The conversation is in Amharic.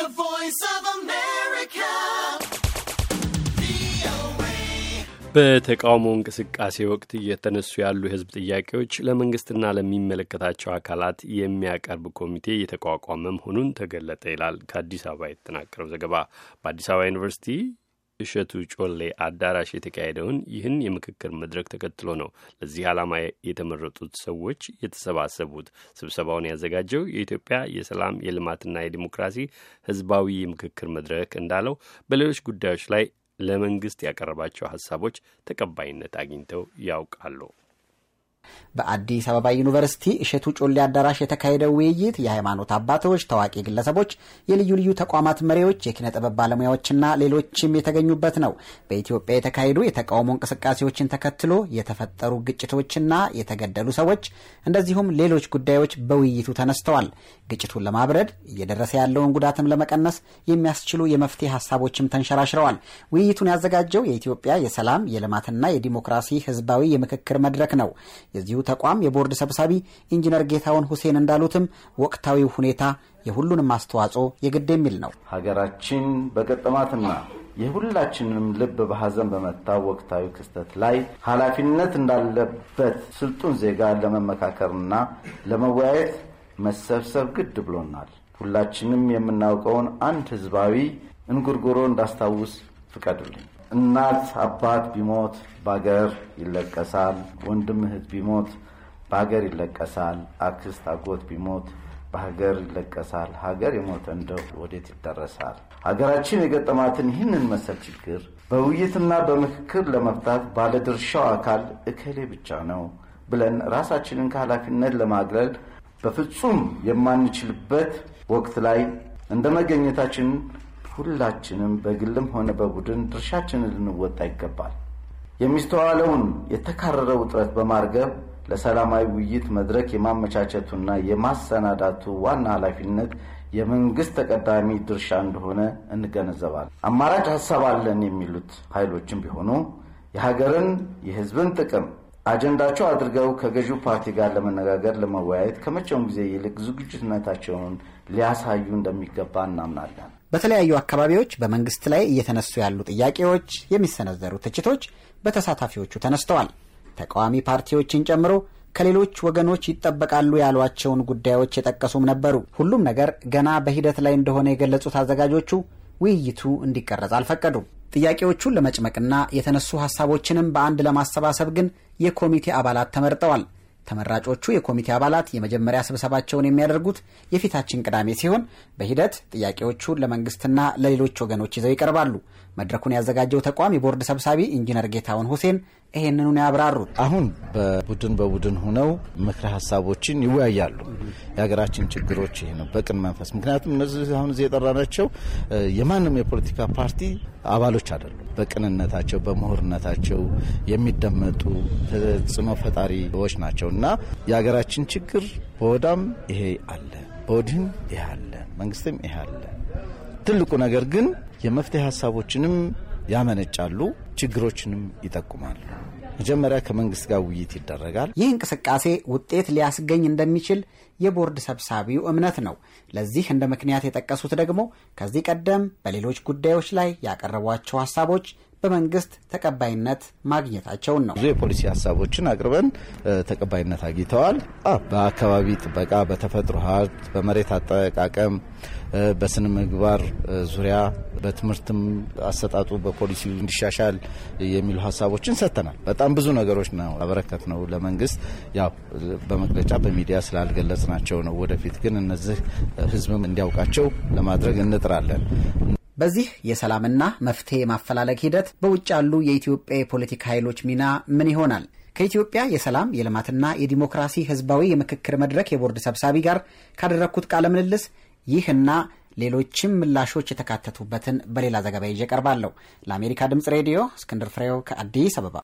The Voice of America. በተቃውሞ እንቅስቃሴ ወቅት እየተነሱ ያሉ የህዝብ ጥያቄዎች ለመንግስትና ለሚመለከታቸው አካላት የሚያቀርብ ኮሚቴ የተቋቋመ መሆኑን ተገለጠ ይላል ከአዲስ አበባ የተጠናቀረው ዘገባ። በአዲስ አበባ ዩኒቨርሲቲ እሸቱ ጮሌ አዳራሽ የተካሄደውን ይህን የምክክር መድረክ ተከትሎ ነው ለዚህ ዓላማ የተመረጡት ሰዎች የተሰባሰቡት። ስብሰባውን ያዘጋጀው የኢትዮጵያ የሰላም የልማትና የዲሞክራሲ ህዝባዊ የምክክር መድረክ እንዳለው በሌሎች ጉዳዮች ላይ ለመንግስት ያቀረባቸው ሀሳቦች ተቀባይነት አግኝተው ያውቃሉ። በአዲስ አበባ ዩኒቨርሲቲ እሸቱ ጮሌ አዳራሽ የተካሄደው ውይይት የሃይማኖት አባቶች፣ ታዋቂ ግለሰቦች፣ የልዩ ልዩ ተቋማት መሪዎች፣ የኪነ ጥበብ ባለሙያዎችና ሌሎችም የተገኙበት ነው። በኢትዮጵያ የተካሄዱ የተቃውሞ እንቅስቃሴዎችን ተከትሎ የተፈጠሩ ግጭቶችና የተገደሉ ሰዎች እንደዚሁም ሌሎች ጉዳዮች በውይይቱ ተነስተዋል። ግጭቱን ለማብረድ እየደረሰ ያለውን ጉዳትም ለመቀነስ የሚያስችሉ የመፍትሄ ሀሳቦችም ተንሸራሽረዋል። ውይይቱን ያዘጋጀው የኢትዮጵያ የሰላም የልማትና የዲሞክራሲ ህዝባዊ የምክክር መድረክ ነው። የዚሁ ተቋም የቦርድ ሰብሳቢ ኢንጂነር ጌታውን ሁሴን እንዳሉትም ወቅታዊው ሁኔታ የሁሉንም አስተዋጽኦ የግድ የሚል ነው። ሀገራችን በገጠማትና የሁላችንም ልብ በሐዘን በመታው ወቅታዊ ክስተት ላይ ኃላፊነት እንዳለበት ስልጡን ዜጋ ለመመካከርና ለመወያየት መሰብሰብ ግድ ብሎናል። ሁላችንም የምናውቀውን አንድ ህዝባዊ እንጉርጉሮ እንዳስታውስ ፍቀዱልኝ። እናት አባት ቢሞት በአገር ይለቀሳል። ወንድም እህት ቢሞት በሀገር ይለቀሳል። አክስት አጎት ቢሞት በሀገር ይለቀሳል። ሀገር የሞተ እንደው ወዴት ይደረሳል? ሀገራችን የገጠማትን ይህንን መሰል ችግር በውይይትና በምክክር ለመፍታት ባለድርሻው አካል እከሌ ብቻ ነው ብለን ራሳችንን ከኃላፊነት ለማግለል በፍጹም የማንችልበት ወቅት ላይ እንደ መገኘታችን ሁላችንም በግልም ሆነ በቡድን ድርሻችንን ልንወጣ ይገባል። የሚስተዋለውን የተካረረ ውጥረት በማርገብ ለሰላማዊ ውይይት መድረክ የማመቻቸቱና የማሰናዳቱ ዋና ኃላፊነት የመንግስት ተቀዳሚ ድርሻ እንደሆነ እንገነዘባል። አማራጭ ሀሳብ አለን የሚሉት ኃይሎችም ቢሆኑ የሀገርን የሕዝብን ጥቅም አጀንዳቸው አድርገው ከገዢው ፓርቲ ጋር ለመነጋገር ለመወያየት ከመቼውም ጊዜ ይልቅ ዝግጅትነታቸውን ሊያሳዩ እንደሚገባ እናምናለን። በተለያዩ አካባቢዎች በመንግስት ላይ እየተነሱ ያሉ ጥያቄዎች፣ የሚሰነዘሩ ትችቶች በተሳታፊዎቹ ተነስተዋል። ተቃዋሚ ፓርቲዎችን ጨምሮ ከሌሎች ወገኖች ይጠበቃሉ ያሏቸውን ጉዳዮች የጠቀሱም ነበሩ። ሁሉም ነገር ገና በሂደት ላይ እንደሆነ የገለጹት አዘጋጆቹ ውይይቱ እንዲቀረጽ አልፈቀዱም። ጥያቄዎቹን ለመጭመቅና የተነሱ ሀሳቦችንም በአንድ ለማሰባሰብ ግን የኮሚቴ አባላት ተመርጠዋል። ተመራጮቹ የኮሚቴ አባላት የመጀመሪያ ስብሰባቸውን የሚያደርጉት የፊታችን ቅዳሜ ሲሆን በሂደት ጥያቄዎቹ ለመንግስትና ለሌሎች ወገኖች ይዘው ይቀርባሉ። መድረኩን ያዘጋጀው ተቋም የቦርድ ሰብሳቢ ኢንጂነር ጌታሁን ሁሴን ይህንኑን ያብራሩት አሁን በቡድን በቡድን ሆነው ምክረ ሀሳቦችን ይወያያሉ። የሀገራችን ችግሮች ይሄ ነው። በቅን መንፈስ ምክንያቱም እነዚህ አሁን እዚህ የጠራናቸው የማንም የፖለቲካ ፓርቲ አባሎች አይደሉም። በቅንነታቸው በምሁርነታቸው የሚደመጡ ተጽዕኖ ፈጣሪዎች ናቸው እና የሀገራችን ችግር በወዳም ይሄ አለ፣ በወዲህም ይሄ አለ፣ መንግስትም ይሄ አለ። ትልቁ ነገር ግን የመፍትሄ ሀሳቦችንም ያመነጫሉ፣ ችግሮችንም ይጠቁማሉ። መጀመሪያ ከመንግስት ጋር ውይይት ይደረጋል። ይህ እንቅስቃሴ ውጤት ሊያስገኝ እንደሚችል የቦርድ ሰብሳቢው እምነት ነው። ለዚህ እንደ ምክንያት የጠቀሱት ደግሞ ከዚህ ቀደም በሌሎች ጉዳዮች ላይ ያቀረቧቸው ሀሳቦች በመንግስት ተቀባይነት ማግኘታቸውን ነው። ብዙ የፖሊሲ ሀሳቦችን አቅርበን ተቀባይነት አግኝተዋል። በአካባቢ ጥበቃ፣ በተፈጥሮ ሀብት፣ በመሬት አጠቃቀም፣ በስነ ምግባር ዙሪያ፣ በትምህርትም አሰጣጡ በፖሊሲ እንዲሻሻል የሚሉ ሀሳቦችን ሰጥተናል። በጣም ብዙ ነገሮች ነው አበረከት ነው ለመንግስት ያው በመግለጫ በሚዲያ ናቸው ነው። ወደፊት ግን እነዚህ ህዝብም እንዲያውቃቸው ለማድረግ እንጥራለን። በዚህ የሰላምና መፍትሄ የማፈላለግ ሂደት በውጭ ያሉ የኢትዮጵያ የፖለቲካ ኃይሎች ሚና ምን ይሆናል? ከኢትዮጵያ የሰላም የልማትና የዲሞክራሲ ህዝባዊ የምክክር መድረክ የቦርድ ሰብሳቢ ጋር ካደረግኩት ቃለ ምልልስ ይህና ሌሎችም ምላሾች የተካተቱበትን በሌላ ዘገባ ይዤ ቀርባለሁ። ለአሜሪካ ድምፅ ሬዲዮ እስክንድር ፍሬው ከአዲስ አበባ